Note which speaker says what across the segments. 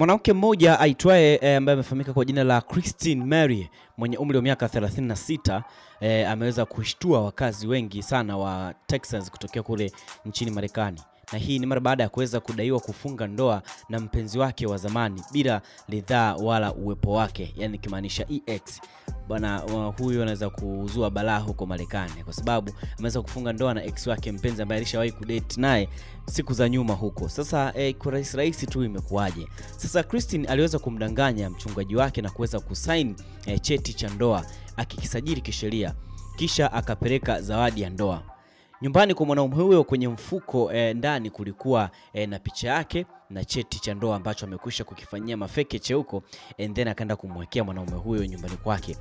Speaker 1: Mwanamke mmoja aitwaye eh, ambaye amefahamika kwa jina la Christine Mary mwenye umri wa miaka 36 e, eh, ameweza kushtua wakazi wengi sana wa Texas kutokea kule nchini Marekani na hii ni mara baada ya kuweza kudaiwa kufunga ndoa na mpenzi wake wa zamani bila ridhaa wala uwepo wake, yani kimaanisha EX bwana huyu anaweza kuzua balaa huko Marekani kwa sababu ameweza kufunga ndoa na ex wake mpenzi ambaye alishawahi kudate naye siku za nyuma huko. Sasa eh, kwa rais rais tu imekuwaje? Sasa Christine aliweza kumdanganya mchungaji wake na kuweza kusain eh, cheti cha ndoa akikisajili kisheria kisha akapeleka zawadi ya ndoa Nyumbani kwa mwanaume huyo kwenye mfuko e, ndani kulikuwa e, na picha yake na cheti cha ndoa ambacho amekwisha kukifanyia mafake cheuko, and then akaenda kumwekea mwanaume huyo nyumbani kwake.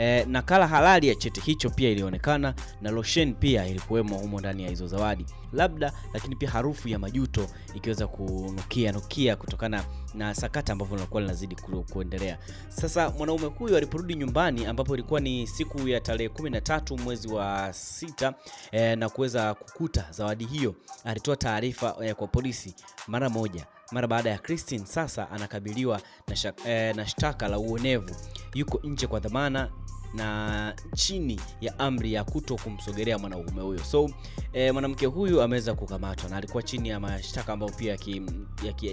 Speaker 1: E, nakala halali ya cheti hicho pia ilionekana na losheni pia ilikuwemo humo ndani ya hizo zawadi labda, lakini pia harufu ya majuto ikiweza kunukia nukia kutokana na sakata ambavyo lilikuwa linazidi kuendelea. Sasa mwanaume huyu aliporudi nyumbani, ambapo ilikuwa ni siku ya tarehe kumi na tatu mwezi wa sita e, na kuweza kukuta zawadi hiyo, alitoa taarifa e, kwa polisi mara moja mara baada ya Christine sasa anakabiliwa na, shak, e, na shtaka la uonevu yuko nje kwa dhamana na chini ya amri ya kuto kumsogelea mwanaume huyo. So e, mwanamke huyu ameweza kukamatwa na alikuwa chini ya mashtaka ambayo pia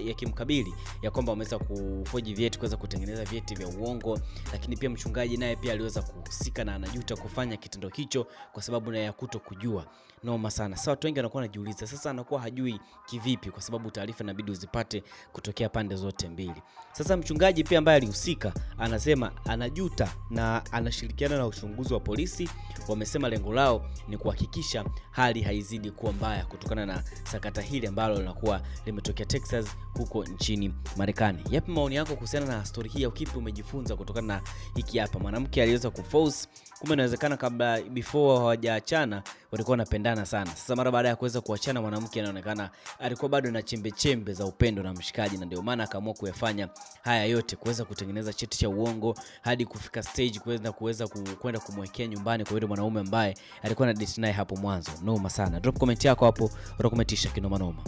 Speaker 1: yakimkabili ya, ya, ya, ya kwamba ameweza kufoji vyeti, kuweza kutengeneza vyeti vya uongo, lakini pia mchungaji naye pia aliweza kuhusika na anajuta kufanya kitendo hicho kwa sababu na ya kuto kujua. Noma sana. Sasa watu wengi wanakuwa wanajiuliza sasa anakuwa hajui kivipi, kwa sababu taarifa inabidi uzipate kutokea pande zote mbili. Sasa mchungaji pia ambaye alihusika anasema anajuta na ana wakishirikiana na uchunguzi wa polisi wamesema lengo lao ni kuhakikisha hali haizidi kuwa mbaya kutokana na sakata hili ambalo linakuwa limetokea Texas huko nchini Marekani. Yapi maoni yako kuhusiana na stori hii au kipi umejifunza kutokana na hiki hapa? Mwanamke aliweza kufause, kumbe inawezekana kabla before hawajaachana walikuwa wanapendana sana. Sasa mara baada ya kuweza kuachana, mwanamke anaonekana alikuwa bado na chembe chembe za upendo na mshikaji, na ndio maana akaamua kuyafanya haya yote, kuweza kutengeneza cheti cha uongo hadi kufika stage kuweza kuweza kwenda kumwekea nyumbani kwa yule mwanaume ambaye alikuwa na date naye hapo mwanzo. Noma sana. Drop comment yako hapo, utakometisha kinoma noma.